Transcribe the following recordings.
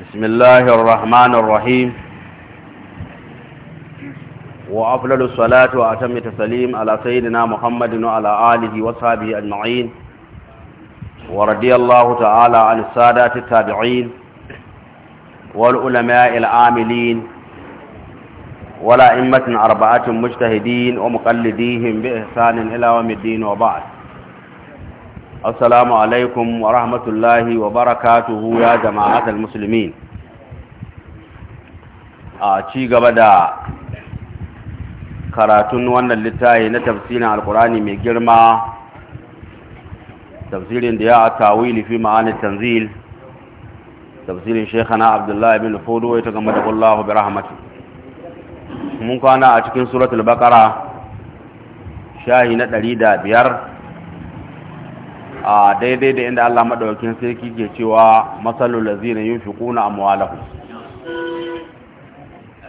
بسم الله الرحمن الرحيم وأفضل الصلاة وأتم التسليم على سيدنا محمد وعلى آله وصحبه أجمعين ورضي الله تعالى عن السادات التابعين والعلماء العاملين ولا أئمة أربعة مجتهدين ومقلديهم بإحسان إلى يوم الدين وبعد السلام عليكم ورحمة الله وبركاته يا جماعة المسلمين ci gaba da karatun wannan littafi na tafsirin alkurani mai girma tafsirin da ya a tawili fi ma'anin tanzil tafsirin shekana abdullahi bin fodo ya ta gama da wallahu bi rahmatu mun kwana a cikin suratul baqara shahi na ɗari da biyar. a daidai da inda Allah maɗaukin sarki kike cewa masalul ladzina yunfiquna amwalahum fi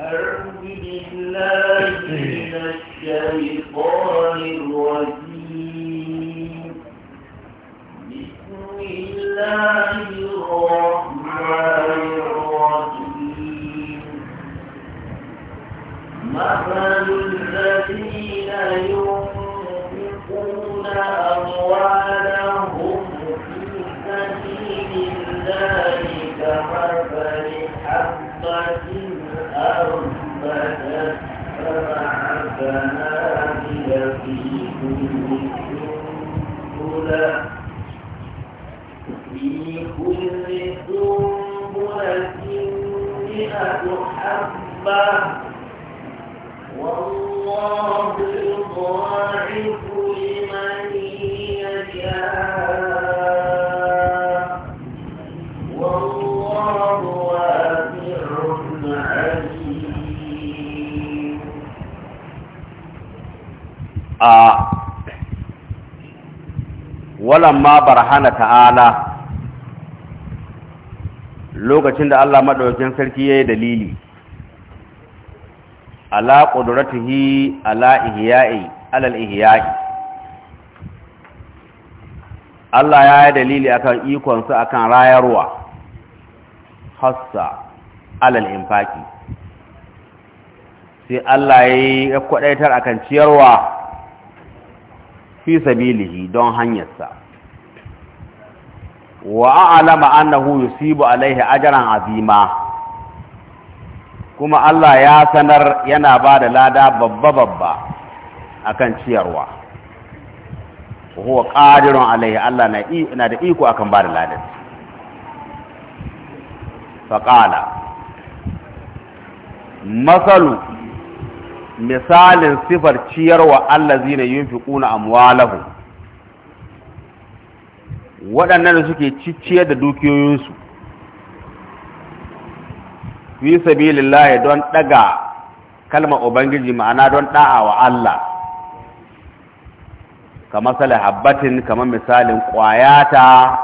بالله من الشيطان الرجيم ma barhana ta'ala lokacin da Allah madaukakin sarki yayi dalili ala qudratihi ala ihya'i ala al-ihya'i Allah ya yi dalili akan ikonsa akan rayarwa hassa ala al-infaqi sai Allah ya kwadaitar akan ciyarwa fi sabilihi don hanyarsa wa a'lama annahu yusibu alaihi ajran azima kuma Allah ya sanar yana ba da lada babba babba akan ciyarwa huwa qadirun alaihi Allah na da iko akan ba da ladan faqala masalu misalin sifar ciyarwa allazina yunfiquna amwalahum waɗannan da suke cicciye da dukiyoyinsu fi sabilillahi don ɗaga kalmar ubangiji ma'ana don ɗa'a wa Allah kamar sale habbatin kamar misalin ƙwayata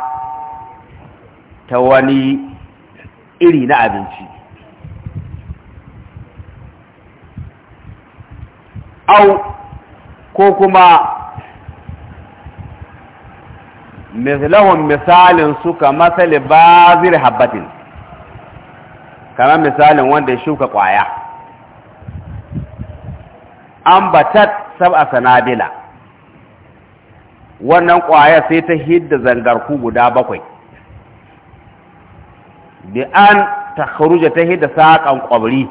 ta wani iri na abinci au ko kuma mislahun misalin su ka ba zira habbatin kamar misalin wanda ya shuka kwaya an batat sab'a sanabila wannan kwaya sai ta hidda zangarku guda bakwai bi an ta ta hidda saƙan ƙwabri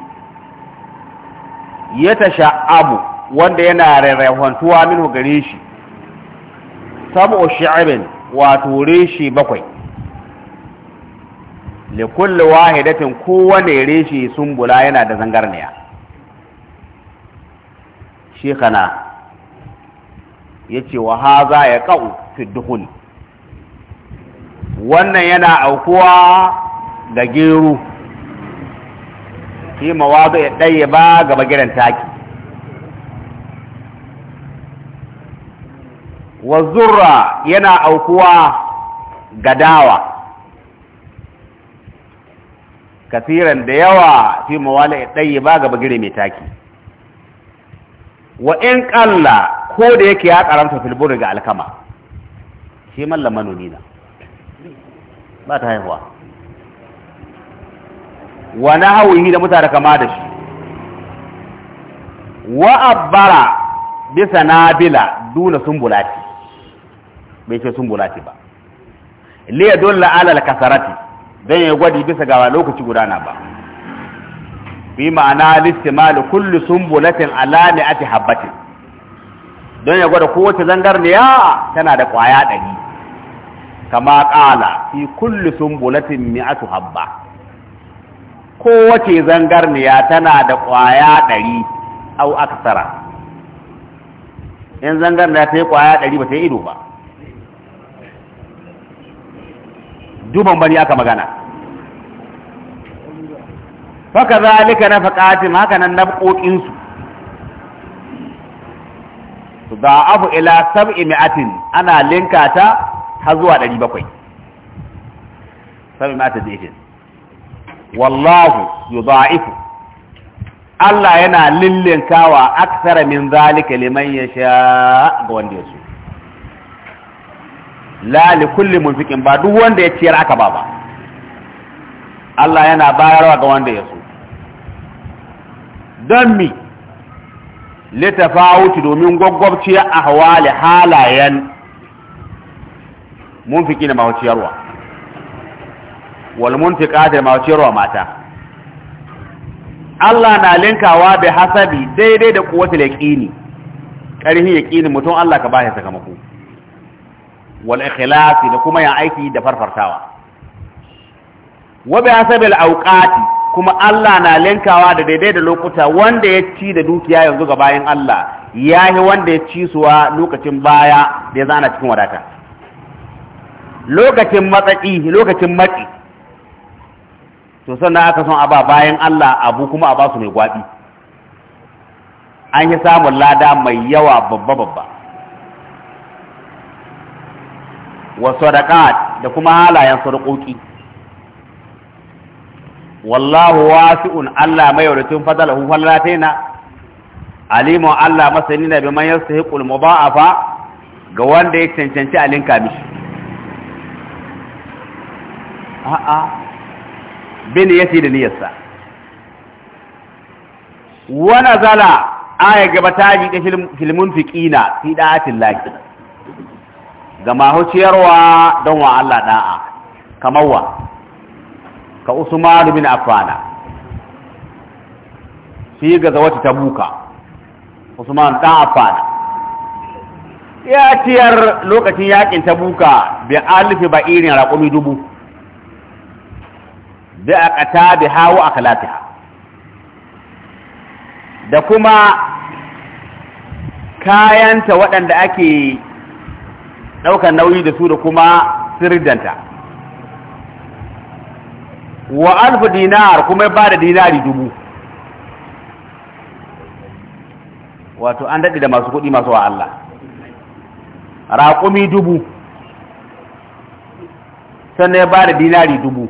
ya ta sha'abu wanda yana rarrahantuwa min gare shi sabu shi'abin wato reshe bakwai le kulli wahidatin kowane reshe sumbula yana da zangarniya shekana yace wa haza ya ƙau fi wannan yana aukuwa ga geru. shi mawazo ya ɗaya ba gaba gidan taki wa zurra yana aukuwa gadawa kasiran da yawa fi mawala ɗaye ba ga bagire mai taki wa in ƙalla ko da yake ya karanta filburi ga alkama shi mallam manoni na ba ta haihuwa wa na hauyi da mutane kama da shi wa abbara bisa nabila duna sumbulati bai ce sun bulati ba liya dole alal kasarati dan ya gwadi bisa ga lokaci gudana ba bi ma'ana listimal kullu sunbulatin ala mi'ati habati don ya gwada kowace zangarniya tana da kwaya ɗari kama ƙala fi kulli sunbulatin mi'atu habba kowace zangarniya tana da kwaya ɗari au aksara in zangarniya ta yi kwaya ɗari ba ta yi ido ba duban bani aka magana faka zalika na faƙatin haka nan na ƙoƙinsu su da abu ila sab'i mi'atin ana linka ta har zuwa ɗari bakwai sab'i mi'atin da ishin wallahu yudha'ifu Allah yana lillinkawa aksara min zalika liman yasha ga wanda ya so la li kulli munfiqin ba duk wanda ya ciyar aka ba ba Allah yana bayarwa ga wanda ya so don mi litafawuti domin gwaggwabciyar ahwali halayen munfiki na ciyarwa wal munfika da ciyarwa mata Allah na linkawa da hasabi daidai da kuwatul yaqini ƙarfin yaqini mutum Allah ka ba shi sakamako wal ikhlasi da kuma ya aiki da farfartawa wa bi hasabil awqati kuma Allah na lenkawa da daidai da lokuta wanda ya ci da dukiya yanzu ga bayan Allah yahi wanda ya ci suwa lokacin baya da zana cikin wadata lokacin matsaki lokacin matsi to sannan aka son a ba bayan Allah abu kuma a ba su mai gwabi an yi samun lada mai yawa babba babba wa sadaqat da kuma halayen sadaqoki wallahu wasi'un Allah mai yawaitun fadalahu fallataina alimu Allah masanina man yastahiqul mudha'afa ga wanda ya cancanci alinka mishi a'a bin yati da niyyarsa wa nazala aya gaba ta ji da filmun fiqina fi da'atin lakin Gama mahuciyarwa don wa Allah da'a kamar wa ka Usman bin Affana shi ga zawata tabuka Usman dan Affana ya tiyar lokacin yakin tabuka bi alifi ba'irin raqumi dubu bi aqata bi hawa akalatiha da kuma kayanta waɗanda ake ɗaukar nauyi da su da kuma sirdanta wa alfu dinar kuma ba da dinari dubu wato an daɗe da masu kuɗi masu wa Allah raƙumi dubu sannan ya ba da dinari dubu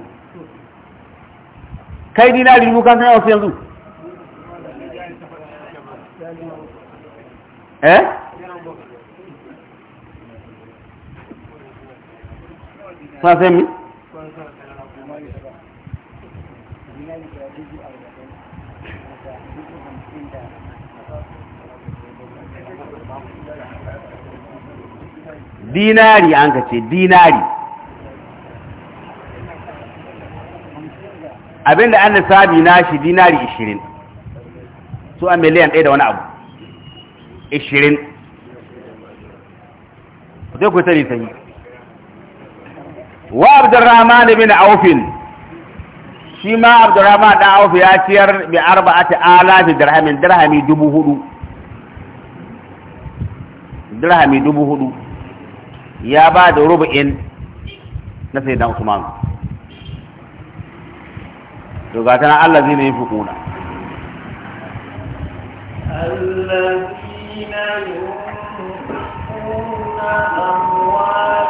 kai dinari dubu kan sanya wasu yanzu eh ma dinari an ka ce dinari abinda an lissabi na shi dinari 20 su a miliyan ɗaya da wani abu 20 zai ku tari sanyi wa abdurrahman bin aufin shi ma abdurrahman dan auf ya ciyar bi arba'ati alafi dirhamin dirhami dubu hudu dirhami dubu hudu ya ba da rubu'in na sai dan usman to ga tana Allah zai yi fukuna allazina yunfiquna amwal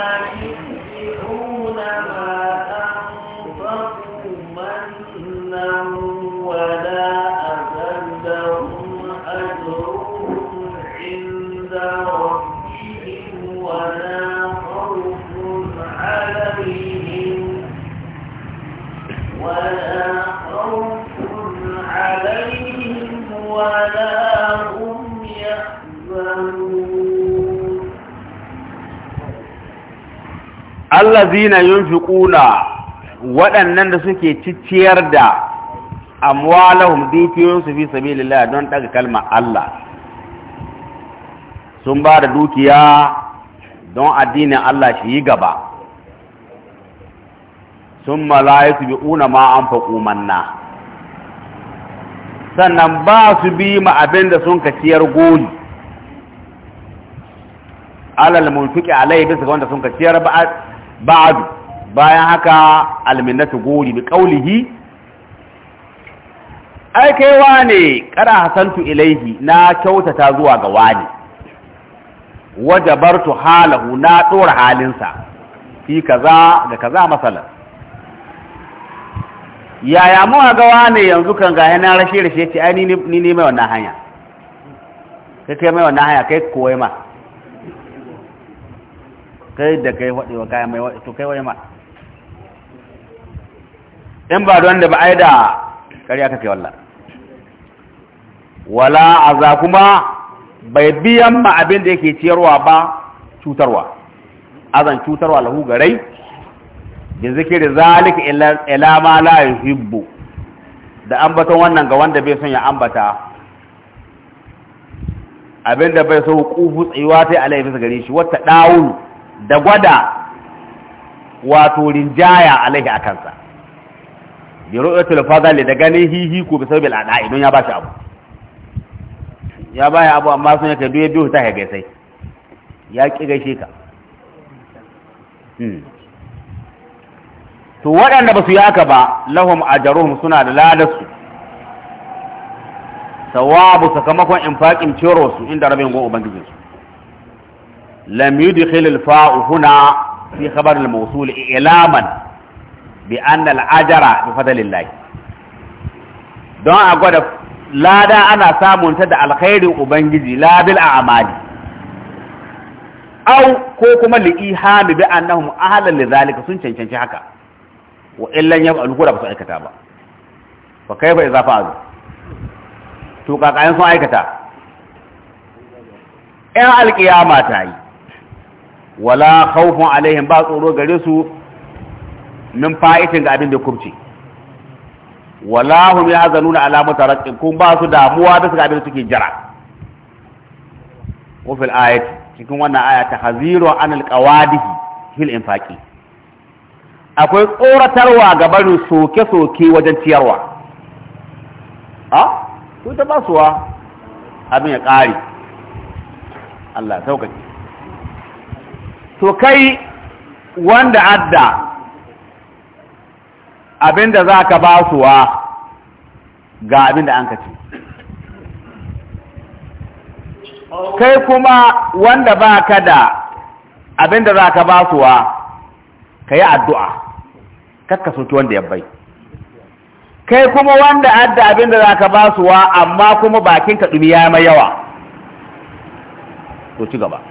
allazina yunfiquna waɗannan da suke ciciyar da amwalahum su fi sabilillah don daga kalma Allah sun ba da dukiya don addinin Allah shi yi gaba sun mala'iku bi una ma an faƙo manna sannan ba su bi ma abin da sun kaciyar goli alal mulfuki alai bisa wanda sun kaciyar ba ba'adu bayan haka alminatu gori bi qaulihi ai kai wane kada hasantu ilaihi na kyautata zuwa ga wani wajabartu halahu na dora halinsa fi kaza ga kaza masalan yaya muka ga wane yanzu kan ga yana rashe rashe ce ai ni ni mai wannan hanya kai kai mai wannan hanya kai koyi ma kai da kai faɗi wa kaya mai to kai wani ma in ba don da ba aida da ƙarya kake walla wala aza kuma bai biyan ma abin da yake ciyarwa ba cutarwa azan cutarwa lahu garai da zikiri zalika ila ma la yuhibbu da ambaton wannan ga wanda bai son ya ambata abinda bai so kufu tsayuwa ta alai bisa gare shi wata dawul da gwada wato rinjaya alaihi a kansa bi ru'yatul fadl da ganin hihi ko bi sabil ada don ya ba shi abu ya baya abu amma sun yake duye biyu ta ga sai ya ki gaishe ka hmm. to waɗanda ba su yi aka ba lahum ajruhum suna da ladarsu sawabu sakamakon infaƙin ciro su inda rabin gon ubangijinsu لم يدخل الفاء هنا في خبر الموصول إعلاما بأن الأجر بفضل الله don a gwada lada ana samunta da alkhairin ubangiji labil a amali au ko kuma li'ihami bi annahum ahlan lidhalika sun cancanci haka wa illan yaf'alu ko da su aikata ba fa kaifa idza fa'alu to sun aikata alkiyama ta yi wala khawfun alaihim ba tsoro gare su min fa'itin ga abin da kurci wala hum yahzanuna ala mutaraqqin kun ba su damuwa da suka abin da suke jira wa fil ayat cikin wannan aya ta haziru an alqawadih fil infaqi akwai tsoratarwa ga barin soke-soke wajen ciyarwa a su ta basuwa abin ya kare Allah sauƙaƙe to kai wanda adda abinda za ka ba suwa ga abinda an ka ce kai kuma wanda ba ka da abinda za ka ba suwa ka yi addu'a kakkasunci wanda ya bai kai kuma wanda adda abinda za ka ba suwa amma kuma ka ɗumi ya mai yawa to ci gaba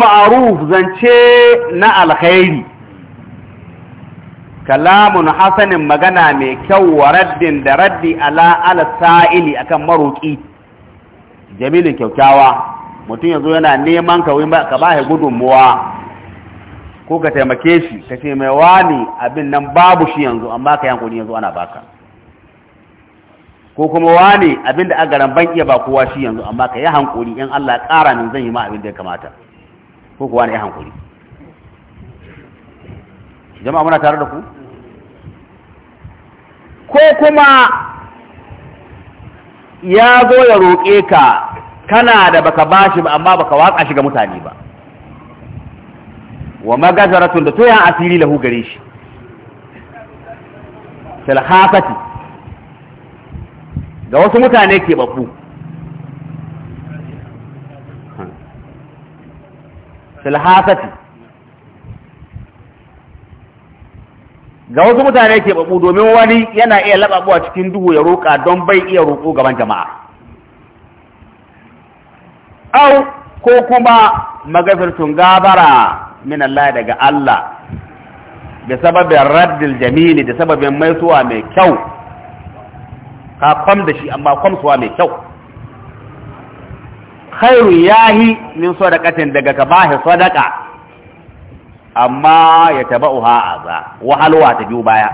ma'aruf zance na alkhairi kalamun hasanin magana mai kyau wa raddin da raddi ala ala sa'ili akan maroki jamilin kyaukyawa mutum yanzu yana neman ka ka ba shi gudunmuwa ko ka taimake shi ka ce mai wani abin nan babu shi yanzu amma ka yankuni yanzu ana baka ko kuma wani abin da a garan ban iya ba kowa shi yanzu amma ka yi hankuri in Allah ya ƙara min zan yi ma abin da ya kamata ko kuwa ne hankuri jama'a muna tare da ku ko kuma ya zo ya roƙe ka kana da baka bashi ba amma baka watsa shi ga mutane ba wa magazaratun da toyan asiri lahu gare shi filhafati ga wasu mutane ke babu filhasati ga wasu mutane ke babu domin wani yana iya lababuwa cikin duhu ya roƙa don bai iya roƙo gaban jama'a au ko kuma magafirtun gabara min Allah daga Allah da sababin raddil jamili da sababin maisuwa mai kyau ka kwam da shi amma kwamsuwa mai kyau khairu yi min sadaqatin daga ka bahi sadaqa amma ya taba'uha aza wahalwa ta biyo baya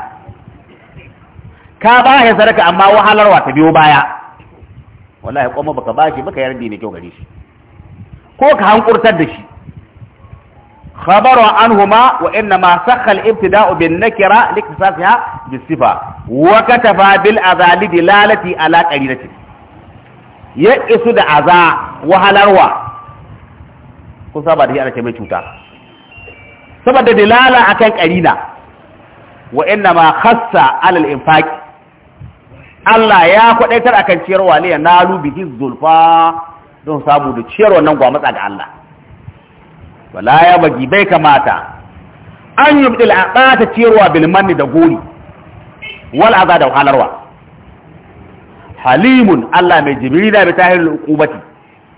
ka bahi sadaka amma wahalarwa ta biyo baya wallahi kuma baka bashi baka yarda ne kyau gare shi ko ka hankurtar da shi khabaru anhuma wa inna ma sakha al-ibtida'u bin nakira liktisasiha bis sifa wa katafa bil adali dilalati ala qarinati ya isu da aza wahalarwa kun saba da shi ana ce mai cuta saboda dalala akan karina wa inna ma khassa alal infaq Allah ya kwadaitar akan ciyarwa ne nalu lubihi zulfa don samu da ciyarwa nan gwa matsa ga Allah wala ya bagi bai kamata an yubdil aqata ciyarwa bil manni da gori wal aza da wahalarwa halimun Allah mai jibiri da bitahir al-uqubati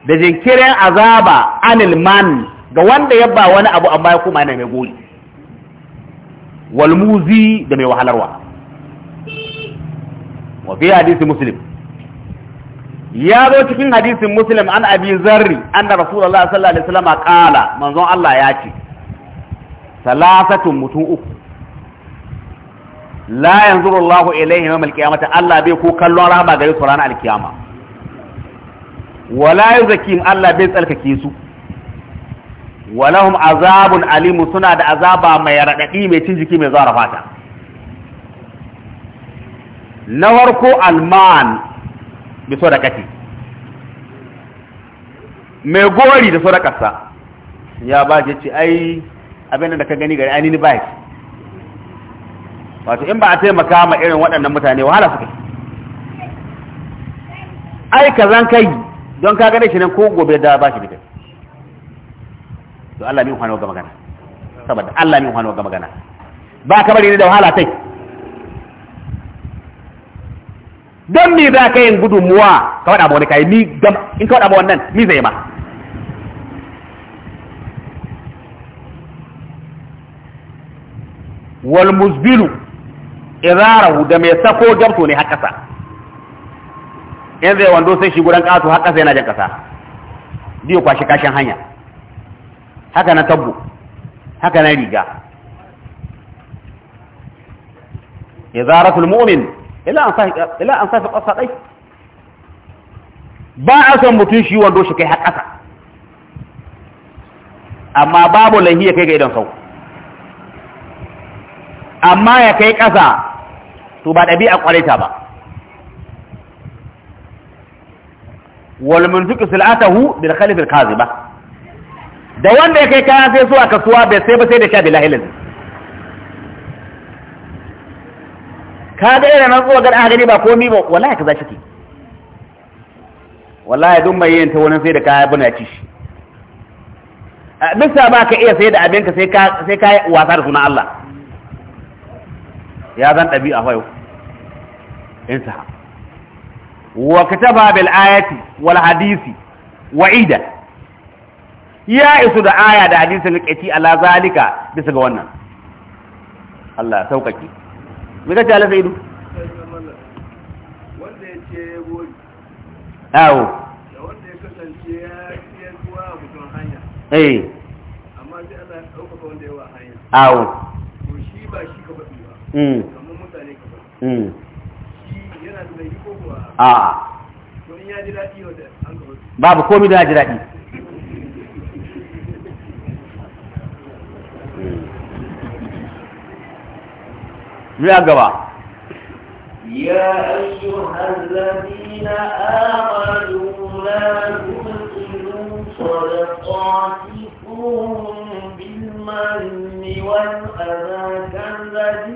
da jinkirin azaba anil man ga wanda ya ba wani abu amma ya kuma yana mai gori walmuzi da mai wahalarwa wa fi hadisi muslim ya zo cikin hadisin muslim an abi zarri anna rasulullah sallallahu alaihi wasallam qala manzon Allah ya ce salasatun mutum uku la yanzuru Allahu ilaihim yawmal qiyamati Allah bai ko kallon raba gare su ranar alkiyama wala yuzakim Allah bai tsalkake su walahum azabun alimu suna da azaba mai radadi mai cin jiki mai zara fata na farko alman bi sadaqati me gori da sadaqarsa ya ba ce ai abin da ka gani gari ai ni ba shi wato in ba a taimaka ma irin waɗannan mutane wahala suka ai ka zan kai don ka gane shi nan ko gobe da ba shi bidai to Allah min hwano ga magana saboda Allah min hwano ga magana ba ka bari ni da wahala sai don ni za ka yin gudunmuwa ka waɗa ba wani kai ni in ka wada ba wannan ni zai ma wal muzbilu izarahu da mai sako gamto ne har kasa in zai wando sai shi guran kato har kasa yana jan kasa biyu kwashi kashin hanya haka na tabbu haka na riga izaratul mu'min ila an safi ila an safi qasadai ba a san mutun shi wando shi kai har kasa amma babu lahiya kai ga idan sau amma ya kai ƙasa to ba ɗabi'a ƙwarai ta ba wal munfiqu silatahu bil khalif al kaziba da wanda ya kai kaya sai zuwa kasuwa bai sai ba sai da sha billahi lazim ka ga irin nan zuwa gada a gani ba komi ba wallahi ka za shi ke wallahi duk mai yin ta wani sai da kaya buna ci shi bisa ba ka iya sai da abinka sai ka wasa da sunan Allah ya zan ɗabi'a fayo intaha wa kataba bil ayati wal hadisi wa'ida ya isu da aya da hadisi liqati ala zalika bisa ga wannan Allah saukake me kace Allah sai idu wanda yace yabo awo da wanda ya kasance ya yi kuwa a mutum hanya eh amma sai Allah ya dauka wanda ya wa hanya awo Mm. Mm. Ah. babu komi da ya ji daɗi mm. ya gaba ya ayyu hazzabina amadu la kulkinu sadaqatikum bil manni wal azakan ladhi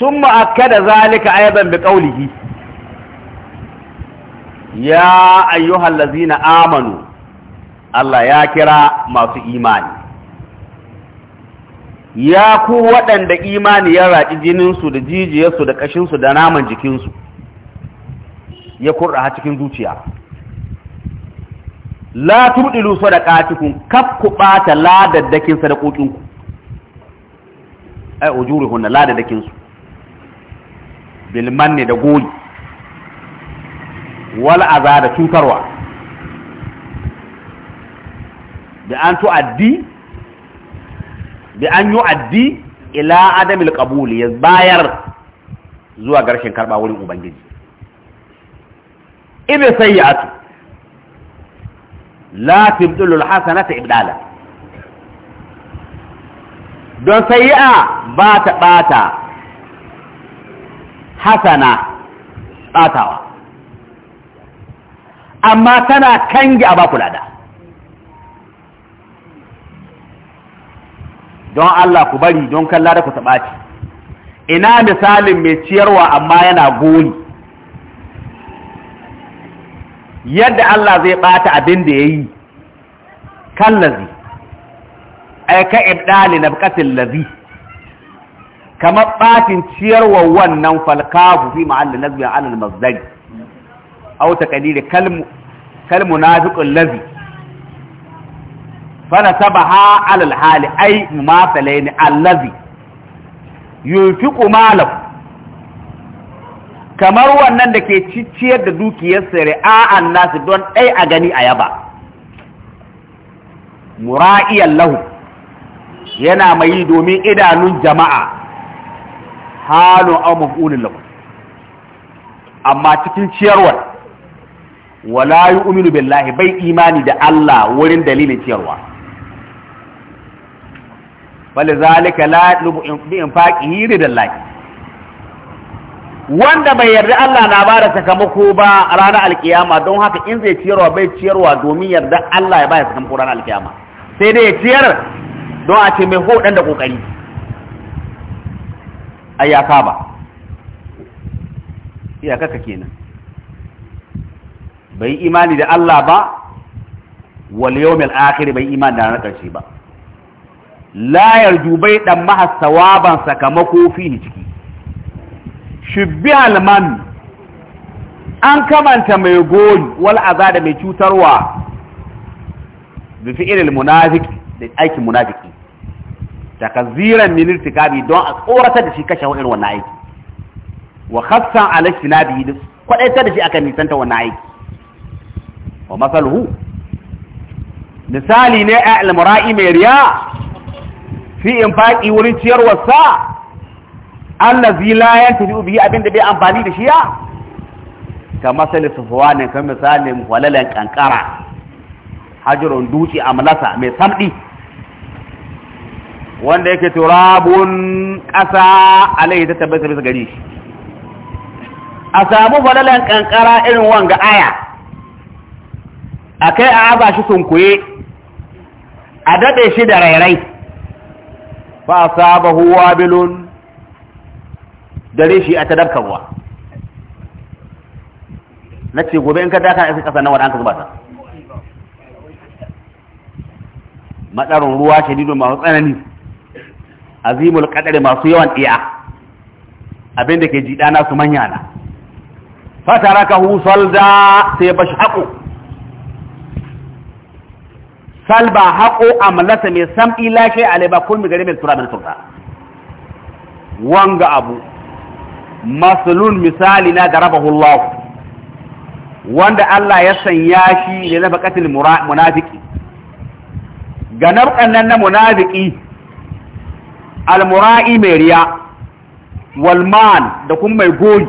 sun ma'akada zalika ayyadan bi ƙaulihi ya ayyuhan lazina amanu Allah ya kira masu imani ya ku waɗanda imani ya raɗi jininsu da jijiyarsu da ƙashinsu da naman jikinsu ya kurɗa cikin zuciya la tubdilu sadaqatikum kaf ku bata ladaddakin sadaqokin ku ai na ladaddakin su bil manni da goyi wal azada tutarwa da an tu'addi da an yu'addi ila adamil qabul ya bayar zuwa garshen karba wurin ubangiji ibe sayyatu la tubdilul hasanata ibdala don sayi'a ba ta bata hasana batawa amma tana kangi a kulada don Allah ku bari don kallar da ku taɓaci ina misalin mai ciyarwa amma yana goli yadda Allah zai bata abin da yayi kallazi ay ka ibdali nabqatil lazi kamar batin ciyarwa wannan falkafu fi ma'allin nazbi alal al-mazdari aw taqdiri kalmu kalmu nafiqul ladhi fanasabaha ala alal hali ai mu ay mumathalaini allazi yunfiqu malahu kamar wannan da ke ciciyar da dukiyar sare a'an nasu don ɗai a gani a yaba mura'iyan lahu yana mai yi domin idanun jama'a halin amma maf'ulin lahu amma cikin ciyarwar wala yu'minu billahi bai imani da Allah wurin dalilin ciyarwa bal zalika la lubu in faqihi ridallahi wanda bai yarda Allah na ba da sakamako ba a ranar alkiyama don haka in zai ciyarwa bai ciyarwa domin yarda Allah ya ba ya sakamako ranar alkiyama sai dai ya ciyar don a ce mai hoɗan da ƙoƙari a ba iyaka iyakaka kenan bai yi imani da Allah ba wal yawmil akhir bai imani da ranar karshe ba la yarju dan maha sawaban sakamako fi ciki Shibbi alman an kamanta mai goli wal da mai cutarwa da fi'ilil munafiki da aikin munafiki takaziran min irtikabi don a tsorata da shi kashe irin wannan aiki wa khassan ala istinabi da kwadaitar da shi akan nisanta wannan aiki wa masaluhu misali ne al mura'i mai riya fi infaqi wurin ciyarwarsa allazi la yantafi bihi abinda bai amfani da shi ya ka masali ne kan misalin walalan kankara dutse a malasa mai samdi wanda yake turabun ƙasa a laye ta tabbata bisa gari shi a samu falalan kankara irin wanga aya a kai a aza shi sunkuye a daɗe shi da rairai Ba saba sabahu wabilun dare shi a ta ruwa na ce gobe in ka daka a kasa na wadanka an ka zuba ta matsarin ruwa shadidun masu tsanani azimul kadare masu yawan iya abinda ke jida na su manya na fata raka hu salda sai ba shi haƙo salba haƙo a mallasa mai sam'i lashe alaiba kun gari mai tura mai tura wanga abu masalun misali na da rabahu Allah wanda Allah ya sanya shi ne na bakatil munafiki ga nabkan nan na munafiki murai mai riya walman da kuma mai goyi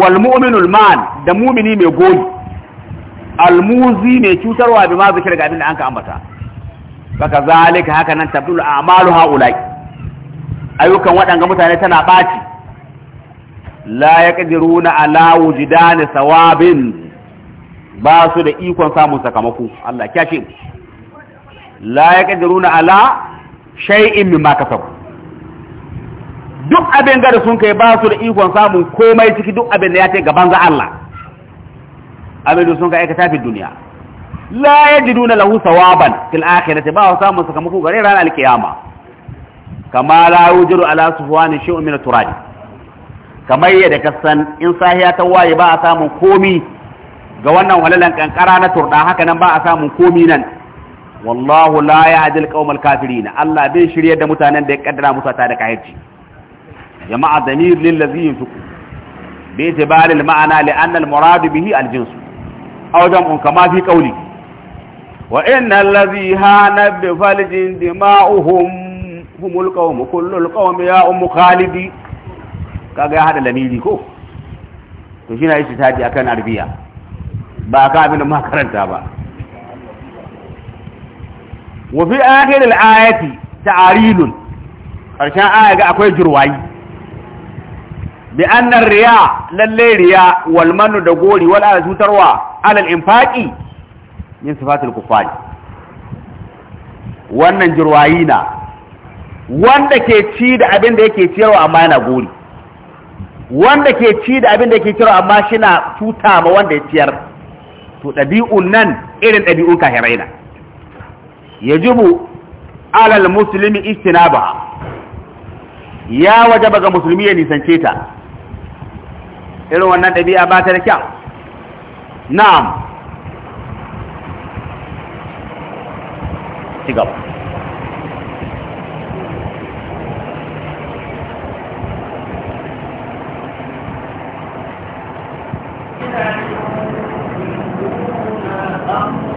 walmu'minul man da mumini mai goyi almuzi mai cutarwa bi ma zikir ga abin da an ka ambata baka zalika haka nan tabdul a'malu ha'ula'i ayyukan waɗanga mutane tana ɓaci la ya ƙadiruna ala wujidani sawabin ba su da ikon samun sakamako Allah kya ce la ya ƙadiruna ala shai'in min makasar duk abin gada sun kai ba su da ikon samun komai ciki duk abin da ya ce gaban za Allah abin da sun kai aikata fi duniya la yajiduna lahu sawaban fil akhirati ba su samun sakamako gare ranar alkiyama kama la yujiru ala sufwani shay'un min turab kamar yadda ka san in sahiya ta waye ba a samun komi ga wannan walalan kankara na turda haka nan ba a samun komi nan wallahu la ya'dil qaumal kafirin Allah bai shirye da mutanen da ya kaddara musu ta da kahirci jama'a damir lil ladhi yunfiqu bi itibari al ma'ana li anna al murad bihi al jins aw jam'un kama fi qawli wa inna allazi hana bi faljin dima'uhum humul qawmu kullul qawmi ya ummu khalidi kaga hada lamiri ko to shi na yi titaji akan arbiya ba ka abin da ma karanta ba wa fi akhir al-ayati ta'arilun karshen aya ga akwai jirwayi bi anna riya lalle riya wal manu da gori wal azutarwa alal infaqi min sifatil kufari wannan jirwayi na wanda ke ci da abin da yake ciyarwa amma yana gori wanda ke ci da abin da yake ciyarwa amma shi na tuta ma wanda ya ciyar to ɗabi'un nan irin ɗabi'un kahirai na yajibu alal musulmi istinaba ya waje ga musulmi ya nisance ta irin wannan ɗabi'a ba ta da kyau na'am cigaba.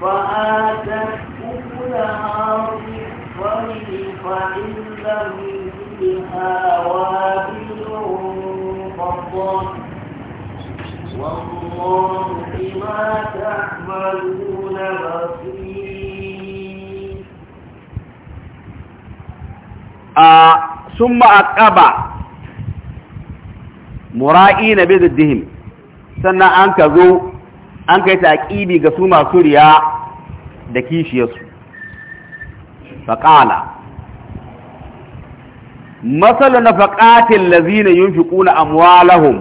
فآتت أكلها ضعفين فإن لم يجدها وابل فضل والله بما تعملون بصير ثم أقبع مرائي bi الدهم سنة أنك ذو an kai ta aqibi ga su masu riya da kishiyarsu faƙala matsala na faƙatin lazina yin fi ƙuna amwalahum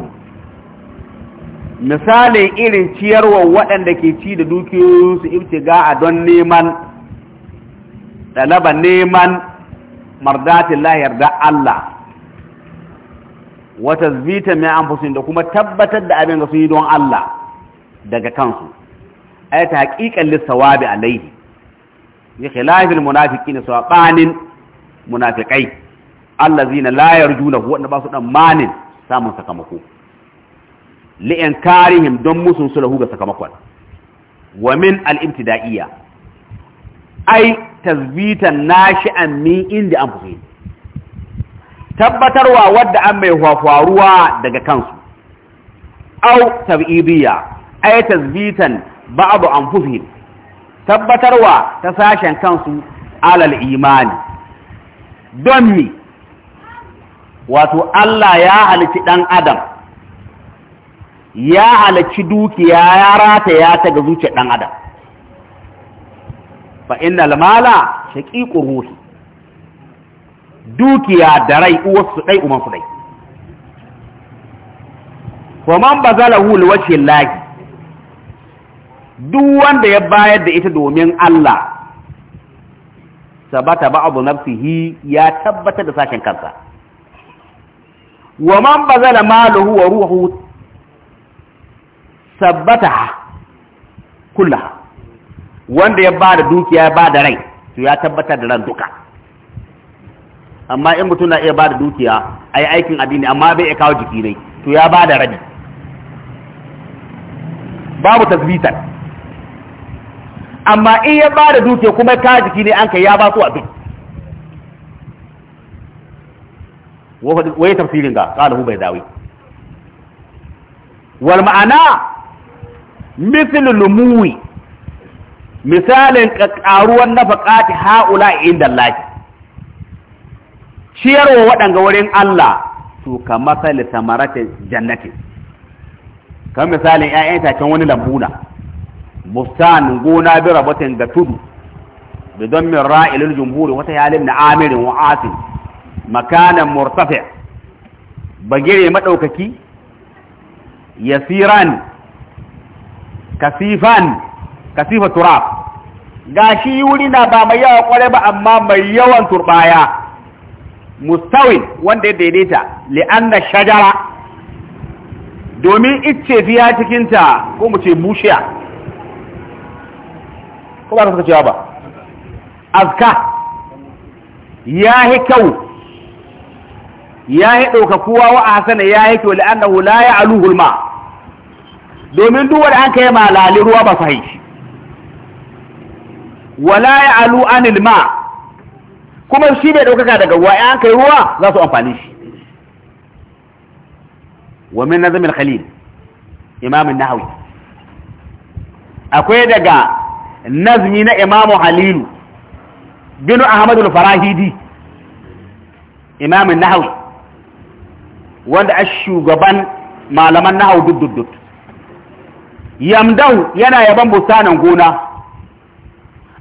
misalin irin ciyarwa waɗanda ke ci da dukiyoyinsu ibtiga a don neman ɗalaba neman mardatin lahiyar da Allah wata zbita mai amfusin da kuma tabbatar da abin da sun yi don Allah daga kansu ay ta haqiqan lisawabi alaihi bi khilafil munafiqina sawabanin munafiqai allazina layar juna wanda ba su dan manin samun sakamako li'an karihim don musun sulahu ga sakamakon wa min al-ibtida'iyya ai tasbitan nashi'an min inda anfusihim tabbatarwa wadda an mai faruwa daga kansu au tab'idiyya ay tasbitan ba'du anfusihim tabbatarwa ta sashen kansu alal imani don mi wato Allah ya halici dan adam ya halici dukiya ya rata ya ta ga zuciyar dan adam fa innal mala shaqiqu ruhi dukiya da rai uwarsu dai uman su dai wa man bazalahu liwajhi llahi duk wanda ya bayar da ita domin Allah sabata abu nafsihi ya tabbatar da sashen kansa wa man bazala maluhu wa ruhu sabbata kullaha wanda ya bada dukiya ya bada rai to ya tabbatar da ran duka amma in mutum na iya bada dukiya ai aikin addini amma bai kawo jiki ne to ya bada rabi babu tasbitan amma in ya ba da dukiya kuma ka jiki ne an kai ya ba su a duk wai tafsirin ga qalahu bai dawi wal ma'ana mithlu lumuwi misalin ƙaruwan nafaqati haula inda Allah ciyarwa waɗanga wurin Allah to ka masali samaratin jannati kan misalin yayan itacen wani lambuna bustan gona bi rabatin da tudu bi dammin ra'ilil jumhuri wata yalin na amirin wa asin makanan murtafi bagire madaukaki yasiran kasifan kasifa turab gashi wuri na ba mai yawa kware ba amma mai yawan turbaya mustawin wanda ya daidaita li'anna shajara domin icce fiya cikinta ko mu ce bushiya ko ba ka cewa ba azka ya yi kyau ya yi ɗaukakuwa wa hasana ya yi kyau la'annahu la ya aluhul ma domin duk an kai malali ruwa ba su shi wala ya alu anil ma kuma shi bai ɗaukaka daga ruwa an kai ruwa za su amfani shi wa min nazamin khalil imamin nahawi akwai daga nazmi na imamu halilu binu ahmadu farahidi imamin nahawi wanda a shugaban malaman nahawu duddudud yamdau yana yaban busanan gona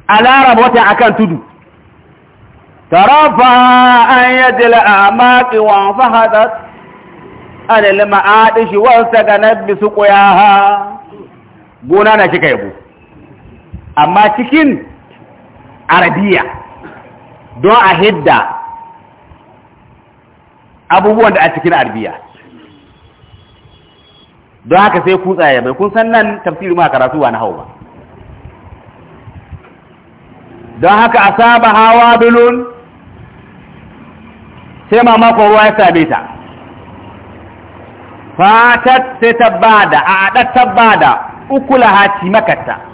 a laraba wata akan tudu tarafa an yadda amaki wa fahadat an ilma adishi wasu ganar bisu ha gona na shi ka yabo amma cikin arabiya don a hidda abubuwan da a cikin arabiya don haka sai kutsa ya bai kun san nan tafsiri ma karatu wa na hau ba don haka a saba hawa bilun sai mamakon ruwa ya same ta fatat sai tabbada a adat tabbada ukula haci makatta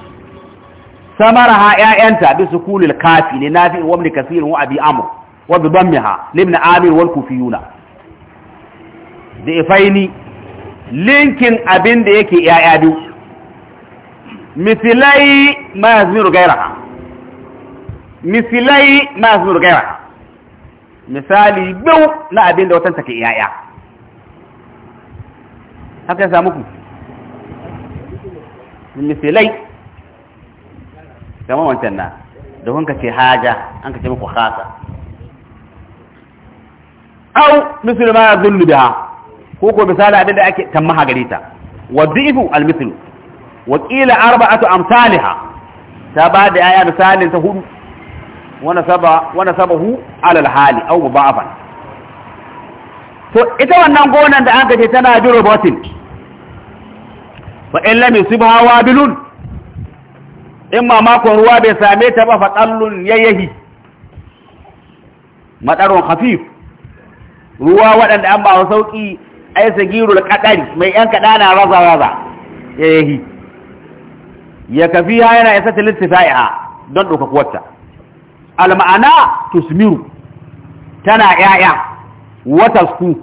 ثمرها ايانتا بسكون الكافي لنافع ne كثير وابي عمرو وبضمها لابن عامر والكوفيون ضعفين linkin abin da yake ‘ya'ya biyu, misilai masu zuru gaira misilai misali biyu na abin da watan take ‘ya'ya. Haka ya samu ku? Misilai kamar wancan nan. Da ka ce haja an ka ce muku khasa au mislu ma yadullu biha ko ko misali abin da ake tammaha gare ta wa dhifu al mislu wa qila arba'atu amsalha ta ba da aya misalin ta hudu wana saba wana sabahu ala al hali au mudafan to ita wannan gonan da aka ce tana bi robotin fa in lam yusibha wabilun in ma makon ruwa bai same ta ba faɗallun yayyahi matsarun hafif ruwa waɗanda an ba sauƙi ai sagirul kaɗari mai ‘yan na raza-raza yayyahi ya kafi ya yana isa ta littafi'a don ɗaukakuwarta alma'ana tusmiru tana ‘ya'ya su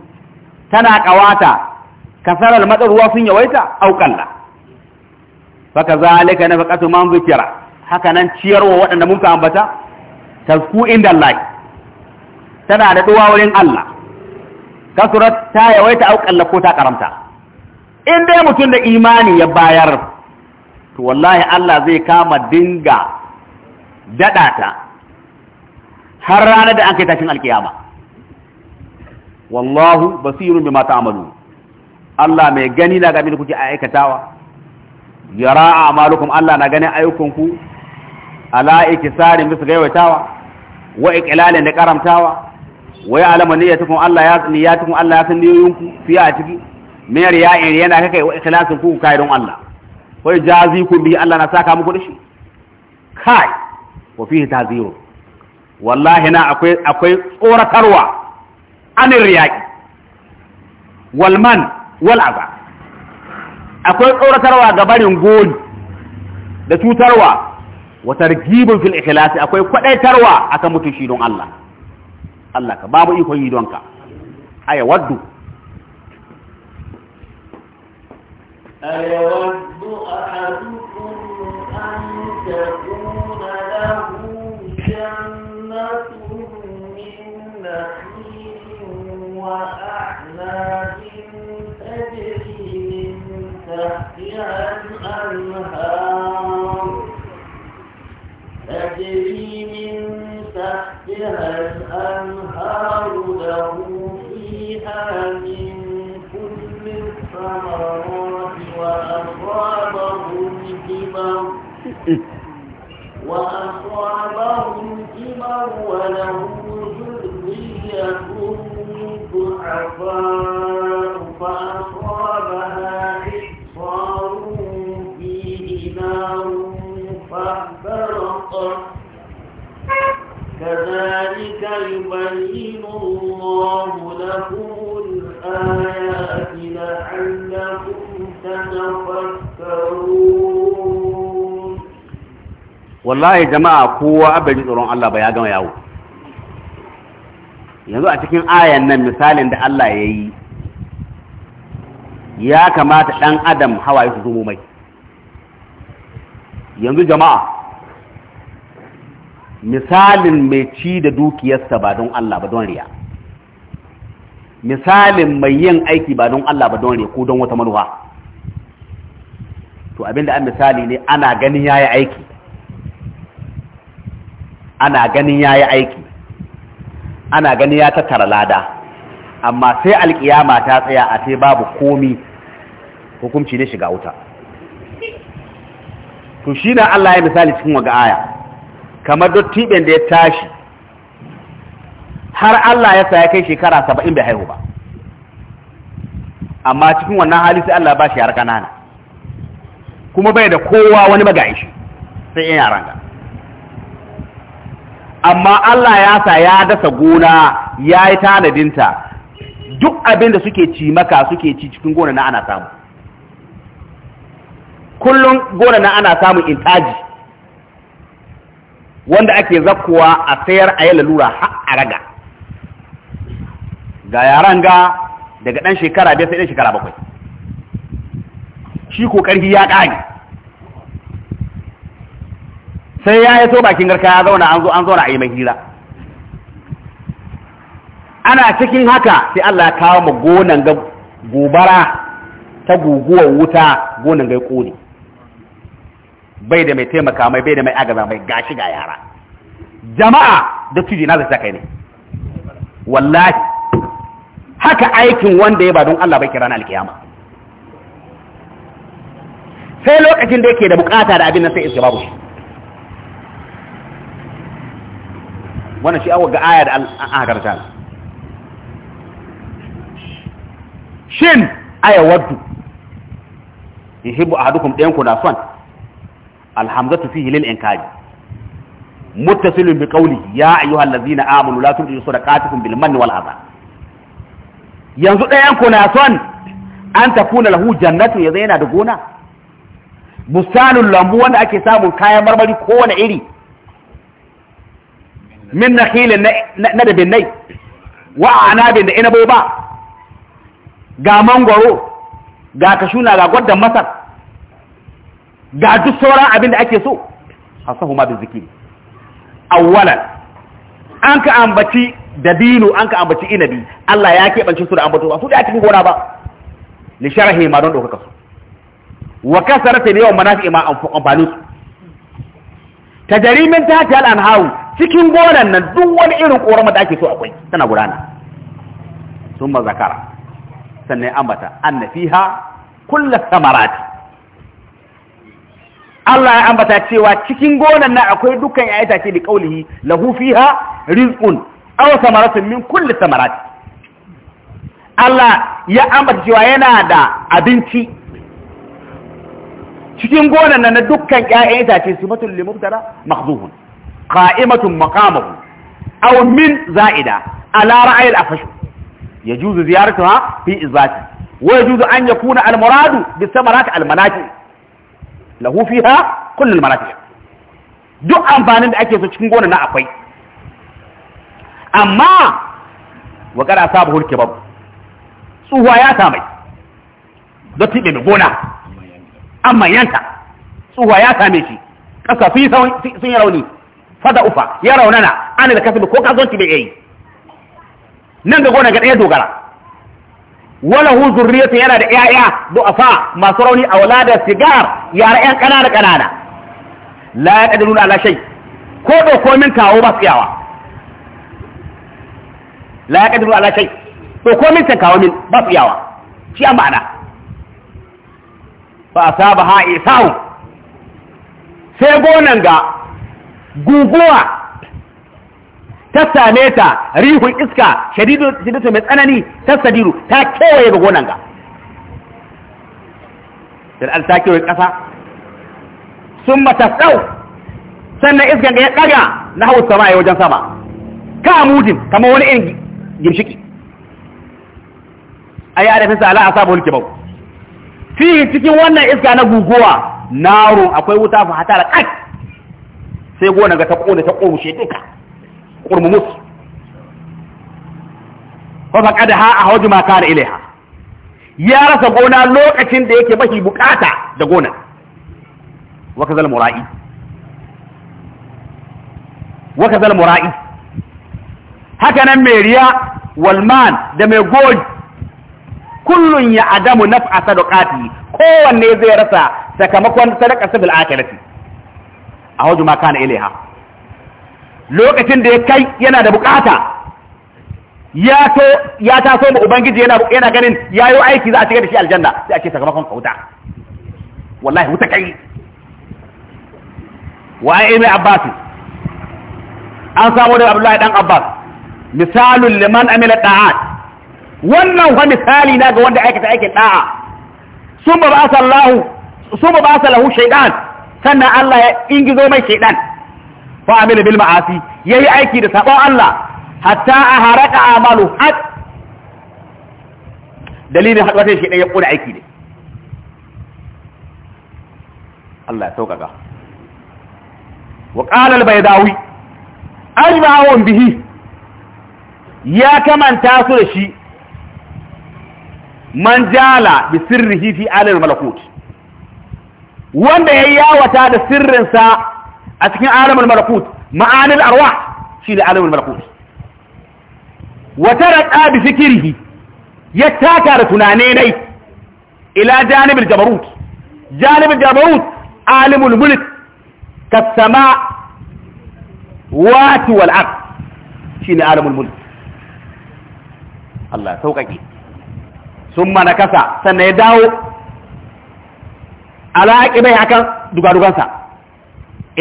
tana ƙawata kasarar matsaruwa sun yawaita auƙalla faka zalika na man zikira haka nan ciyarwa waɗanda mun ka ambata tasku inda Allah tana da duwa wurin Allah kasurat ta yawaita au kalla ta karamta in dai mutum da imani ya bayar to wallahi Allah zai kama dinga daɗata har ranar da an kai tashin alkiyama wallahu basirun bima ta'malu Allah mai gani na ga da kuke aikatawa yara amalukum Allah na ganin ayyukanku ala ikisari bisa gaiwatawa wa ikilalin da karamtawa wa ya'lamu niyyatukum Allah ya niyyatukum Allah ya san niyoyinku fi a ciki min riya'in yana kakai wa ikhlasin ku kai don Allah jazi jazikum bi Allah na saka muku dashi kai wa fihi taziru wallahi na akwai akwai tsoratarwa anir riya'i wal man wal azab akwai tsoratarwa ga barin goli da cutarwa wa targibun fil ikhlasi akwai kwadaitarwa akan mutunci don Allah Allah ka babu ikon yi donka aya waddu أيود أحدكم أن تكون له جنة من نخيل وأعناب تجري تحتها الأنهار تجري من تحتها الأنهار له فيها من كل الثمرات وأصابه الكبر وأصابه الكبر وله ذرية ضعفاء فأصابها كذلك يبين الله لكم الآيات لعلكم تتفكرون والله جماعة قوة أبدا يقولون الله ba ya gama yanzu a cikin ayan nan misalin da Allah ya yi ya kamata ɗan adam hawa hawaye su zumo mai yanzu jama'a misalin mai ci da dukiyarsa ba don Allah ba don riya misalin mai yin aiki ba don Allah ba don riya ko don wata manufa to abinda an misali ne ana ganin yayi aiki ana ganin yayi aiki ana ganin ya tattara lada amma sai alkiyama ta tsaya a sai babu komi hukunci ne shiga wuta to shi na Allah ya misali cikin waga aya kamar dottiben da ya tashi har Allah ya sa ya kai shekara saba'in bai haihu ba amma cikin wannan hali sai Allah ba shi yar kanana kuma bai da kowa wani magayi shi sai yin yaran ga amma Allah ya sa ya dasa gona ya yi tanadinta duk abin da suke ci maka suke ci cikin gona na ana samu kullum gona na ana samun intaji wanda ake zakkuwa a sayar a yi lura har a raga ga yaran ga daga ɗan shekara biyar sai ɗan shekara bakwai shi ko ƙarfi ya ƙage sai ya yaso bakin garka ya zauna an zo an zauna a yi hira ana cikin haka sai Allah ya kawo mu gonan ga gobara ta guguwar wuta gonan ga ya bai da mai taimaka mai bai da mai agaza mai gashi ga yara jama'a da tuji na zai sakai ne wallahi haka aikin wanda ya ba don Allah bai kira na alkiyama sai lokacin da yake da bukata da abin nan sai iska babu shi wannan shi awa ga aya da an hakarta shin aya waddu yuhibbu ahadukum dayanku ku na son alhamzatu fihi lil inkari muttasilun bi qawli ya ayyuhal ladzina amanu la tudhi'u sadaqatukum bil manni wal adha yanzu ɗayan ku son an takuna lahu jannatu ya zaina da gona Musanun lambu wanda ake samun kayan marmari kowane iri min nakhilin na da binnai wa anabin da inabo ba ga mangwaro ga kashuna ga gwaddan masar ga duk sauran abin da ake so sahu ma zikiri awwalan an ka ambaci dabino an ka ambaci inabi Allah ya keɓance su da ambato ba su da cikin gona ba li sharhi ma don ɗaukaka su wa kasarata yawan manafi ma amfani su tajarimin ta ta al-anharu cikin gonan nan duk wani irin korama da ake so akwai tana gudana sun ma zakara sannan ambata an na fiha kullu samarati Allah ya ambata cewa cikin gonan nan akwai dukkan ya itace da kaulihi lahu fiha rizqun aw samaratun min kulli samarat Allah ya ambata cewa yana da abinci cikin gonan nan na dukkan ƴaƴan itace sifatul lil mubtara mahdhuhun qa'imatun maqamahu aw min za'ida ala ra'ayil afash yajuzu ziyaratuha fi izati wa yajuzu an yakuna al muradu bi samarat al manati lahu fiha kullul manafi duk amfanin da ake so cikin gona na akwai amma wa kada sabu hulke babu tsuwa ya samai don tibe mai gona amma yanta tsuwa ya same shi ƙasa sun yi rauni fada ufa ya raunana ana da kasabi ko kasuwanci bai yi nan da gona ga ɗaya dogara wala hu zurriyatu yana da 'ya'ya du'afa masu rauni a wala da sigar yara yan kanana kanana la ya kadiru ala shay ko do ko min tawo ba yawa la ya kadiru ala shay to ko min ta kawo min ba su yawa, shi an ma'ana a saba ha isau sai gonan ga guguwa ta same ta rihun iska shadidu mai tsanani ta sadiru ta kewaye ga gonan ga da sake kewaye ƙasa sun matasau sannan iskan ga ya na hau sama ya wajen sama ka mudin kamar wani irin gimshiki a yi adafinsa ala a sabon kibau fi cikin wannan iska na guguwa naro akwai wuta fa hata da ƙai sai gona ga ta ƙone ta ƙorushe duka kurmumus. fa faƙa da ha a hajji ma kana ilaiha ya rasa gona lokacin da yake bashi bukata da gona waka mura'i waka mura'i haka nan mai riya walman da mai goji kullun ya adamu naf'a sadaqati kowanne zai rasa sakamakon sadaqar sabil akhirati a hujuma kana ilaiha lokacin da ya kai yana da bukata ya to ya taso ma ubangiji yana yana ganin yayo aiki za a shiga da shi aljanna sai ake sakamakon kauta wallahi wuta kai wa ai mai abbas an samu da abdullahi dan abbas misalul liman amila da'at wannan fa misali na ga wanda aikata aikin da'a sun ba ba sallahu sun ba ba sallahu shaytan sannan Allah ya ingizo mai shaytan fa amila bil ma'asi yayi aiki da sabon Allah hatta a haraka a malu hat dalilin haɗuwatar shi ɗaya ya ƙuna aiki ne Allah ya sauƙaƙa wa ƙalal bai dawi an ma'awon bihi ya kamanta su da shi man jala bi sirrihi fi alil malakut wanda ya yi yawata da sirrinsa a cikin alamul malakut ma'anil arwa shi da alamul malakut wata raƙa bi fikirhi ya taka da tunane nai ila janibul jabarut janibul jabarut alimul mulk kasama wati wal ard shine alimul mulk Allah sauƙaƙe summa nakasa sannan ya dawo ala aqibai akan dugadugansa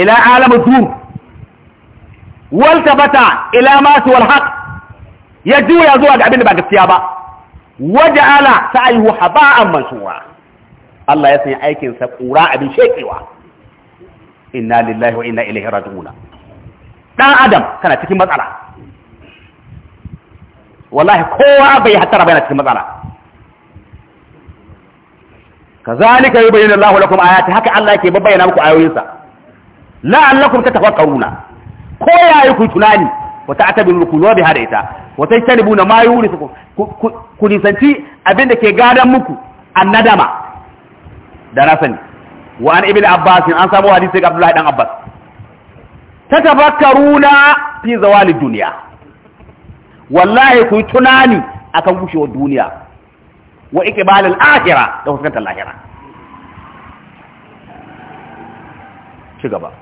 ila alamu dur wal tabata ila masu wal ya juya zuwa ga abin da ba gaskiya ba waje ala sa'ihu an mansura Allah ya sanya aikin sa kura abin shekewa inna lillahi wa inna ilaihi raji'un dan adam kana cikin matsala wallahi kowa bai hatara bai na cikin matsala kazalika yubayyinu Allahu lakum ayati haka Allah yake bayyana muku ayoyinsa la'allakum tatafakkaruna ko yayi ku tunani wa ta'tabiru ku zo bi hada ita wata taribu na mayu wuri ku ku nisanci abin da ke gadan muku an nadama da na sani wa an ibn abbas an samu hadisi ga abdullahi dan abbas tatafakkaruna fi zawali duniya wallahi ku tunani akan gushewar duniya wa iqbal al-akhirah da fuskantar lahira ci gaba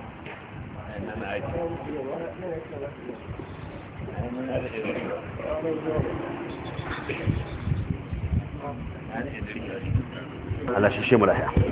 على شي شي ملاحظ